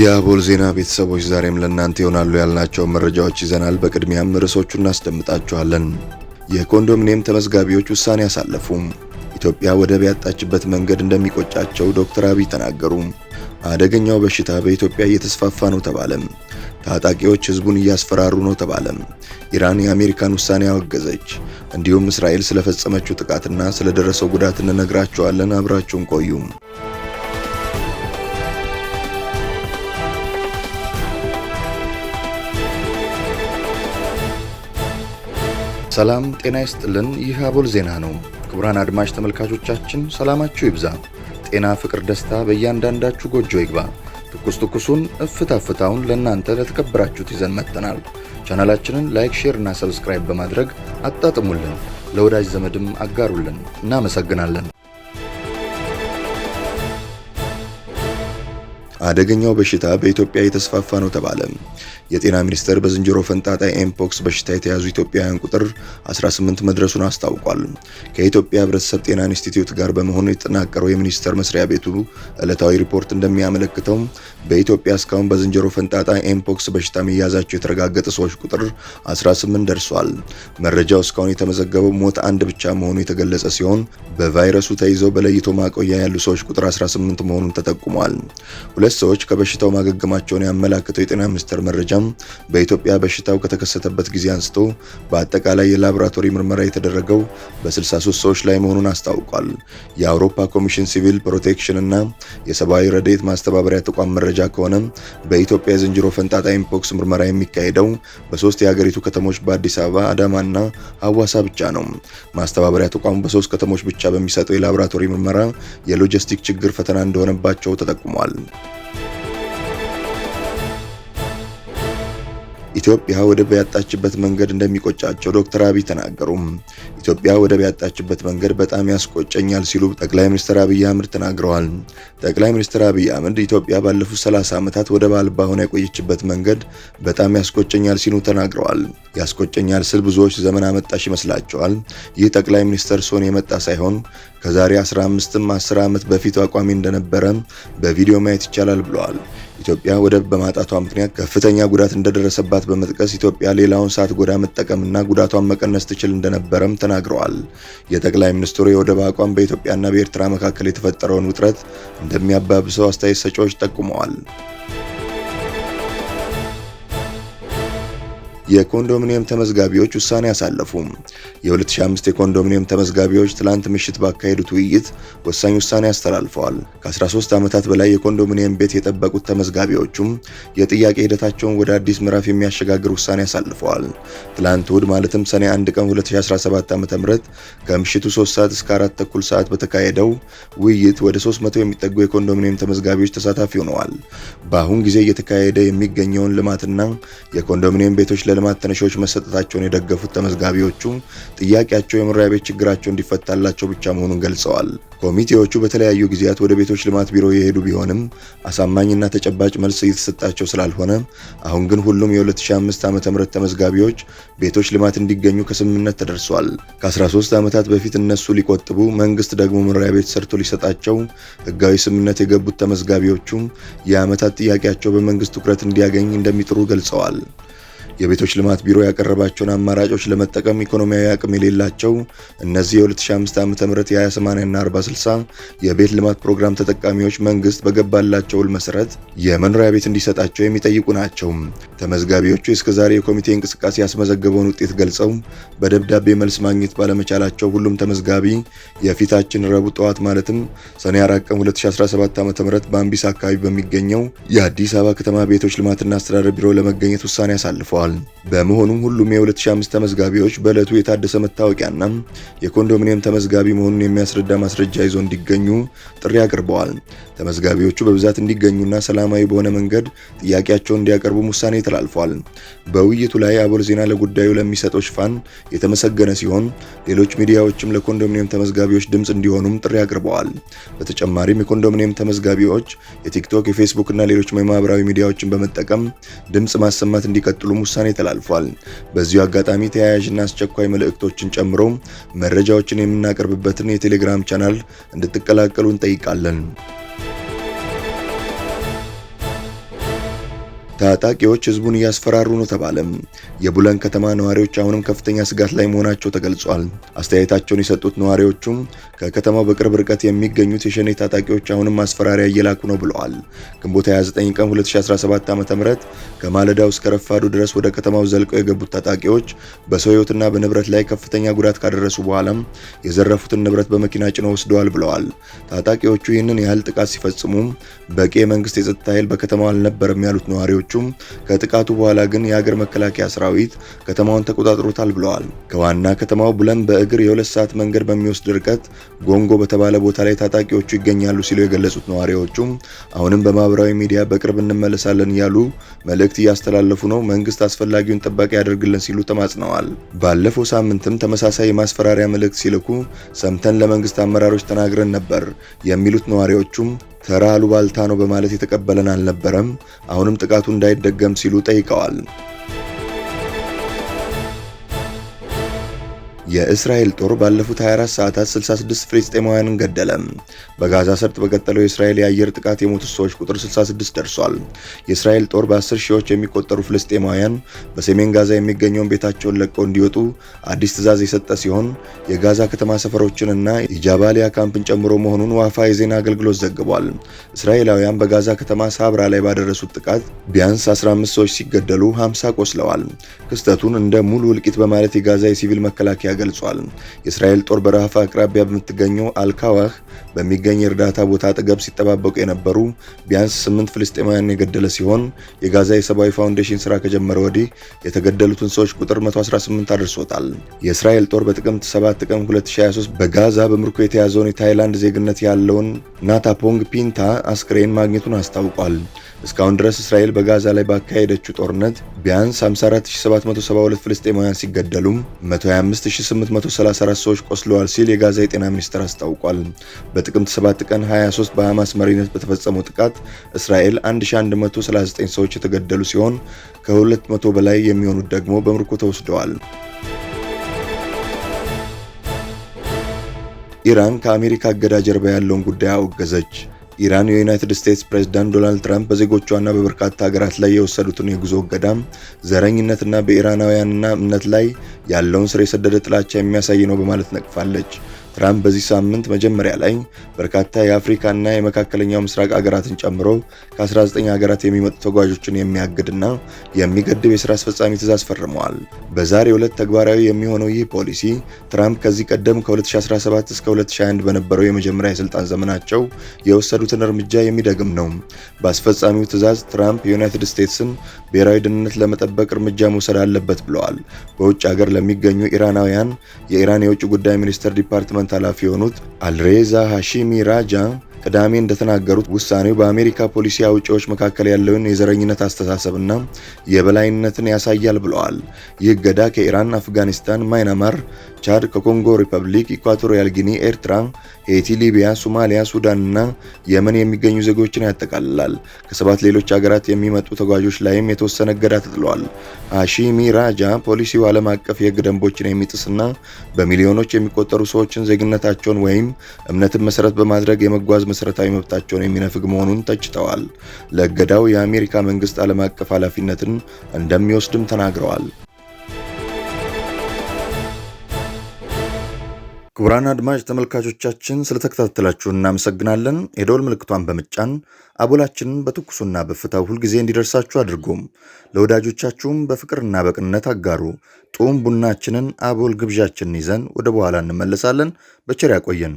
የአቦል ዜና ቤተሰቦች ዛሬም ለእናንተ ይሆናሉ ያልናቸው መረጃዎች ይዘናል። በቅድሚያም ርዕሶቹ እናስደምጣችኋለን። የኮንዶሚኒየም ተመዝጋቢዎች ውሳኔ አሳለፉ። ኢትዮጵያ ወደብ ያጣችበት መንገድ እንደሚቆጫቸው ዶክተር አብይ ተናገሩ። አደገኛው በሽታ በኢትዮጵያ እየተስፋፋ ነው ተባለም። ታጣቂዎች ህዝቡን እያስፈራሩ ነው ተባለም። ኢራን የአሜሪካን ውሳኔ አወገዘች። እንዲሁም እስራኤል ስለፈጸመችው ጥቃትና ስለደረሰው ጉዳት እንነግራችኋለን። አብራችሁን ቆዩም ሰላም ጤና ይስጥልን። ይህ አቦል ዜና ነው። ክቡራን አድማጭ ተመልካቾቻችን ሰላማችሁ ይብዛ፣ ጤና፣ ፍቅር፣ ደስታ በእያንዳንዳችሁ ጎጆ ይግባ። ትኩስ ትኩሱን እፍታ ፍታውን ለእናንተ ለተከበራችሁት ይዘን መጥተናል። ቻናላችንን ላይክ፣ ሼር እና ሰብስክራይብ በማድረግ አጣጥሙልን፣ ለወዳጅ ዘመድም አጋሩልን። እናመሰግናለን። አደገኛው በሽታ በኢትዮጵያ የተስፋፋ ነው ተባለ። የጤና ሚኒስቴር በዝንጀሮ ፈንጣጣ ኤምፖክስ በሽታ የተያዙ ኢትዮጵያውያን ቁጥር 18 መድረሱን አስታውቋል። ከኢትዮጵያ ሕብረተሰብ ጤና ኢንስቲትዩት ጋር በመሆኑ የተጠናቀረው የሚኒስቴር መስሪያ ቤቱ ዕለታዊ ሪፖርት እንደሚያመለክተው በኢትዮጵያ እስካሁን በዝንጀሮ ፈንጣጣ ኤምፖክስ በሽታ መያዛቸው የተረጋገጠ ሰዎች ቁጥር 18 ደርሷል። መረጃው እስካሁን የተመዘገበው ሞት አንድ ብቻ መሆኑ የተገለጸ ሲሆን በቫይረሱ ተይዘው በለይቶ ማቆያ ያሉ ሰዎች ቁጥር 18 መሆኑን ተጠቁሟል። ሁለት ሰዎች ከበሽታው ማገገማቸውን ያመላክተው የጤና ሚኒስቴር መረጃ መጨረሻም በኢትዮጵያ በሽታው ከተከሰተበት ጊዜ አንስቶ በአጠቃላይ የላቦራቶሪ ምርመራ የተደረገው በ63 ሰዎች ላይ መሆኑን አስታውቋል። የአውሮፓ ኮሚሽን ሲቪል ፕሮቴክሽን እና የሰብአዊ ረድኤት ማስተባበሪያ ተቋም መረጃ ከሆነ በኢትዮጵያ የዝንጀሮ ፈንጣጣ ኢምፖክስ ምርመራ የሚካሄደው በሶስት የሀገሪቱ ከተሞች በአዲስ አበባ፣ አዳማና ሐዋሳ ብቻ ነው። ማስተባበሪያ ተቋሙ በሶስት ከተሞች ብቻ በሚሰጠው የላቦራቶሪ ምርመራ የሎጂስቲክ ችግር ፈተና እንደሆነባቸው ተጠቁሟል። ኢትዮጵያ ወደብ ያጣችበት መንገድ እንደሚቆጫቸው ዶክተር አብይ ተናገሩ። ኢትዮጵያ ወደብ ያጣችበት መንገድ በጣም ያስቆጨኛል ሲሉ ጠቅላይ ሚኒስትር አብይ አህመድ ተናግረዋል። ጠቅላይ ሚኒስትር አብይ አህመድ ኢትዮጵያ ባለፉት 30 ዓመታት ወደብ አልባ ሆና የቆየችበት መንገድ በጣም ያስቆጨኛል ሲሉ ተናግረዋል። ያስቆጨኛል ስል ብዙዎች ዘመን አመጣሽ ይመስላቸዋል። ይህ ጠቅላይ ሚኒስትር ሶን የመጣ ሳይሆን ከዛሬ 15ም 10 ዓመት በፊት አቋሚ እንደነበረ በቪዲዮ ማየት ይቻላል ብለዋል። ኢትዮጵያ ወደብ በማጣቷ ምክንያት ከፍተኛ ጉዳት እንደደረሰባት በመጥቀስ ኢትዮጵያ ሌላውን ሳትጎዳ መጠቀምና ጉዳቷን መቀነስ ትችል እንደነበረም ተናግረዋል። የጠቅላይ ሚኒስትሩ የወደብ አቋም በኢትዮጵያና በኤርትራ መካከል የተፈጠረውን ውጥረት እንደሚያባብሰው አስተያየት ሰጪዎች ጠቁመዋል። የኮንዶሚኒየም ተመዝጋቢዎች ውሳኔ ያሳለፉ። የ2005 የኮንዶሚኒየም ተመዝጋቢዎች ትላንት ምሽት ባካሄዱት ውይይት ወሳኝ ውሳኔ አስተላልፈዋል። ከ13 ዓመታት በላይ የኮንዶሚኒየም ቤት የጠበቁት ተመዝጋቢዎቹም የጥያቄ ሂደታቸውን ወደ አዲስ ምዕራፍ የሚያሸጋግር ውሳኔ ያሳልፈዋል። ትላንት እሁድ ማለትም ሰኔ 1 ቀን 2017 ዓ.ም ከምሽቱ 3 ሰዓት እስከ 4 ተኩል ሰዓት በተካሄደው ውይይት ወደ 300 የሚጠጉ የኮንዶሚኒየም ተመዝጋቢዎች ተሳታፊ ሆነዋል። በአሁን ጊዜ እየተካሄደ የሚገኘውን ልማትና የኮንዶሚኒየም ቤቶች ለ ለልማት ተነሺዎች መሰጠታቸውን የደገፉት ተመዝጋቢዎቹ ጥያቄያቸው የመኖሪያ ቤት ችግራቸው እንዲፈታላቸው ብቻ መሆኑን ገልጸዋል። ኮሚቴዎቹ በተለያዩ ጊዜያት ወደ ቤቶች ልማት ቢሮ የሄዱ ቢሆንም አሳማኝና ተጨባጭ መልስ እየተሰጣቸው ስላልሆነ አሁን ግን ሁሉም የ2005 ም ተመዝጋቢዎች ቤቶች ልማት እንዲገኙ ከስምምነት ተደርሷል። ከ13 ዓመታት በፊት እነሱ ሊቆጥቡ መንግስት ደግሞ መኖሪያ ቤት ሰርቶ ሊሰጣቸው ህጋዊ ስምምነት የገቡት ተመዝጋቢዎቹም የዓመታት ጥያቄያቸው በመንግስት ትኩረት እንዲያገኝ እንደሚጥሩ ገልጸዋል። የቤቶች ልማት ቢሮ ያቀረባቸውን አማራጮች ለመጠቀም ኢኮኖሚያዊ አቅም የሌላቸው እነዚህ የ2005 ዓ.ም የ 28 ና 40 የቤት ልማት ፕሮግራም ተጠቃሚዎች መንግስት በገባላቸው ውል መሰረት የመኖሪያ ቤት እንዲሰጣቸው የሚጠይቁ ናቸው። ተመዝጋቢዎቹ እስከዛሬ የኮሚቴ እንቅስቃሴ ያስመዘገበውን ውጤት ገልጸው በደብዳቤ መልስ ማግኘት ባለመቻላቸው ሁሉም ተመዝጋቢ የፊታችን ረቡዕ ጠዋት ማለትም ሰኔ 4 ቀን 2017 ዓ.ም በአምቢስ አካባቢ በሚገኘው የአዲስ አበባ ከተማ ቤቶች ልማትና አስተዳደር ቢሮ ለመገኘት ውሳኔ አሳልፈዋል። ተጠቅመዋል። በመሆኑም ሁሉም የ2005 ተመዝጋቢዎች በዕለቱ የታደሰ መታወቂያና የኮንዶሚኒየም ተመዝጋቢ መሆኑን የሚያስረዳ ማስረጃ ይዞ እንዲገኙ ጥሪ አቅርበዋል። ተመዝጋቢዎቹ በብዛት እንዲገኙና ሰላማዊ በሆነ መንገድ ጥያቄያቸውን እንዲያቀርቡም ውሳኔ ተላልፏል። በውይይቱ ላይ አቦል ዜና ለጉዳዩ ለሚሰጠው ሽፋን የተመሰገነ ሲሆን፣ ሌሎች ሚዲያዎችም ለኮንዶሚኒየም ተመዝጋቢዎች ድምፅ እንዲሆኑም ጥሪ አቅርበዋል። በተጨማሪም የኮንዶሚኒየም ተመዝጋቢዎች የቲክቶክ፣ የፌስቡክ እና ሌሎች ማህበራዊ ሚዲያዎችን በመጠቀም ድምፅ ማሰማት እንዲቀጥሉም ውሳኔ ተላልፏል። በዚሁ አጋጣሚ ተያያዥና አስቸኳይ መልእክቶችን ጨምሮ መረጃዎችን የምናቀርብበትን የቴሌግራም ቻናል እንድትቀላቀሉ እንጠይቃለን። ታጣቂዎች ህዝቡን እያስፈራሩ ነው ተባለም። የቡለን ከተማ ነዋሪዎች አሁንም ከፍተኛ ስጋት ላይ መሆናቸው ተገልጿል። አስተያየታቸውን የሰጡት ነዋሪዎቹም ከከተማው በቅርብ ርቀት የሚገኙት የሸኔ ታጣቂዎች አሁንም ማስፈራሪያ እየላኩ ነው ብለዋል። ግንቦት 29 ቀን 2017 ም ከማለዳው እስከ ረፋዱ ድረስ ወደ ከተማው ዘልቀው የገቡት ታጣቂዎች በሰው ህይወትና በንብረት ላይ ከፍተኛ ጉዳት ካደረሱ በኋላም የዘረፉትን ንብረት በመኪና ጭነው ወስደዋል ብለዋል። ታጣቂዎቹ ይህንን ያህል ጥቃት ሲፈጽሙም በቂ የመንግስት የጸጥታ ኃይል በከተማው አልነበረም ያሉት ነዋሪዎቹም ከጥቃቱ በኋላ ግን የሀገር መከላከያ ስራ ሰራዊት ከተማውን ተቆጣጥሮታል ብለዋል። ከዋና ከተማው ቡለን በእግር የሁለት ሰዓት መንገድ በሚወስድ ርቀት ጎንጎ በተባለ ቦታ ላይ ታጣቂዎቹ ይገኛሉ ሲሉ የገለጹት ነዋሪዎቹም አሁንም በማህበራዊ ሚዲያ በቅርብ እንመለሳለን እያሉ መልእክት እያስተላለፉ ነው። መንግስት አስፈላጊውን ጥበቃ ያደርግልን ሲሉ ተማጽነዋል። ባለፈው ሳምንትም ተመሳሳይ የማስፈራሪያ መልእክት ሲልኩ ሰምተን ለመንግስት አመራሮች ተናግረን ነበር የሚሉት ነዋሪዎቹም ተራ አሉባልታ ነው በማለት የተቀበለን አልነበረም። አሁንም ጥቃቱ እንዳይደገም ሲሉ ጠይቀዋል። የእስራኤል ጦር ባለፉት 24 ሰዓታት 66 ፍልስጤማውያንን ገደለ። በጋዛ ሰርጥ በቀጠለው የእስራኤል የአየር ጥቃት የሞቱ ሰዎች ቁጥር 66 ደርሷል። የእስራኤል ጦር በ10 ሺዎች የሚቆጠሩ ፍልስጤማውያን በሰሜን ጋዛ የሚገኘውን ቤታቸውን ለቀው እንዲወጡ አዲስ ትዕዛዝ የሰጠ ሲሆን የጋዛ ከተማ ሰፈሮችን እና የጃባሊያ ካምፕን ጨምሮ መሆኑን ዋፋ የዜና አገልግሎት ዘግቧል። እስራኤላውያን በጋዛ ከተማ ሳብራ ላይ ባደረሱት ጥቃት ቢያንስ 15 ሰዎች ሲገደሉ 50 ቆስለዋል። ክስተቱን እንደ ሙሉ እልቂት በማለት የጋዛ የሲቪል መከላከያ ተገልጿል። የእስራኤል ጦር በረሃፋ አቅራቢያ በምትገኘው አልካዋህ በሚገኝ የእርዳታ ቦታ አጠገብ ሲጠባበቁ የነበሩ ቢያንስ ስምንት ፍልስጤማውያን የገደለ ሲሆን የጋዛ የሰብአዊ ፋውንዴሽን ስራ ከጀመረ ወዲህ የተገደሉትን ሰዎች ቁጥር 118 አድርሶታል። የእስራኤል ጦር በጥቅምት 7 ቀን 2023 በጋዛ በምርኮ የተያዘውን የታይላንድ ዜግነት ያለውን ናታፖንግ ፒንታ አስክሬን ማግኘቱን አስታውቋል። እስካሁን ድረስ እስራኤል በጋዛ ላይ ባካሄደችው ጦርነት ቢያንስ 54772 ፍልስጤማውያን ሲገደሉም 125834 ሰዎች ቆስለዋል ሲል የጋዛ የጤና ሚኒስቴር አስታውቋል። በጥቅምት 7 ቀን 23 በሐማስ መሪነት በተፈጸመው ጥቃት እስራኤል 1139 ሰዎች የተገደሉ ሲሆን ከ200 በላይ የሚሆኑት ደግሞ በምርኮ ተወስደዋል። ኢራን ከአሜሪካ እገዳ ጀርባ ያለውን ጉዳይ አወገዘች። ኢራን የዩናይትድ ስቴትስ ፕሬዝዳንት ዶናልድ ትራምፕ በዜጎቿና በበርካታ ሀገራት ላይ የወሰዱትን የጉዞ እገዳም ዘረኝነትና በኢራናውያንና እምነት ላይ ያለውን ስር የሰደደ ጥላቻ የሚያሳይ ነው በማለት ነቅፋለች። ትራምፕ በዚህ ሳምንት መጀመሪያ ላይ በርካታ የአፍሪካና የመካከለኛው ምስራቅ ሀገራትን ጨምሮ ከ19 ሀገራት የሚመጡ ተጓዦችን የሚያግድና የሚገድብ የስራ አስፈጻሚ ትእዛዝ ፈርመዋል። በዛሬው ዕለት ተግባራዊ የሚሆነው ይህ ፖሊሲ ትራምፕ ከዚህ ቀደም ከ2017 እስከ 2021 በነበረው የመጀመሪያ የስልጣን ዘመናቸው የወሰዱትን እርምጃ የሚደግም ነው። በአስፈጻሚው ትእዛዝ ትራምፕ የዩናይትድ ስቴትስን ብሔራዊ ደህንነት ለመጠበቅ እርምጃ መውሰድ አለበት ብለዋል። በውጭ ሀገር ለሚገኙ ኢራናውያን የኢራን የውጭ ጉዳይ ሚኒስቴር ዲፓርትመንት ፕሬዝዳንት ኃላፊ የሆኑት አልሬዛ ሃሺሚ ራጃ ቅዳሜ እንደተናገሩት ውሳኔው በአሜሪካ ፖሊሲ አውጪዎች መካከል ያለውን የዘረኝነት አስተሳሰብና የበላይነትን ያሳያል ብለዋል። ይህ እገዳ ከኢራን፣ አፍጋኒስታን፣ ማይናማር፣ ቻድ፣ ከኮንጎ ሪፐብሊክ፣ ኢኳቶሪያል ጊኒ፣ ኤርትራ፣ ሄቲ፣ ሊቢያ፣ ሶማሊያ፣ ሱዳንና የመን የሚገኙ ዜጎችን ያጠቃልላል። ከሰባት ሌሎች ሀገራት የሚመጡ ተጓዦች ላይም የተወሰነ እገዳ ተጥሏል። አሺሚ ራጃ ፖሊሲው ዓለም አቀፍ የህግ ደንቦችን የሚጥስና በሚሊዮኖች የሚቆጠሩ ሰዎችን ዜግነታቸውን ወይም እምነትን መሰረት በማድረግ የመጓዝ መሰረታዊ መብታቸውን የሚነፍግ መሆኑን ተችተዋል። ለእገዳው የአሜሪካ መንግስት ዓለም አቀፍ ኃላፊነትን እንደሚወስድም ተናግረዋል። ክቡራን አድማጭ ተመልካቾቻችን ስለተከታተላችሁ እናመሰግናለን። የደወል ምልክቷን በመጫን አቦላችንን በትኩሱና በእፍታው ሁልጊዜ እንዲደርሳችሁ አድርጎም ለወዳጆቻችሁም በፍቅርና በቅንነት አጋሩ። ጡም ቡናችንን አቦል ግብዣችንን ይዘን ወደ በኋላ እንመለሳለን። በቸር ያቆየን።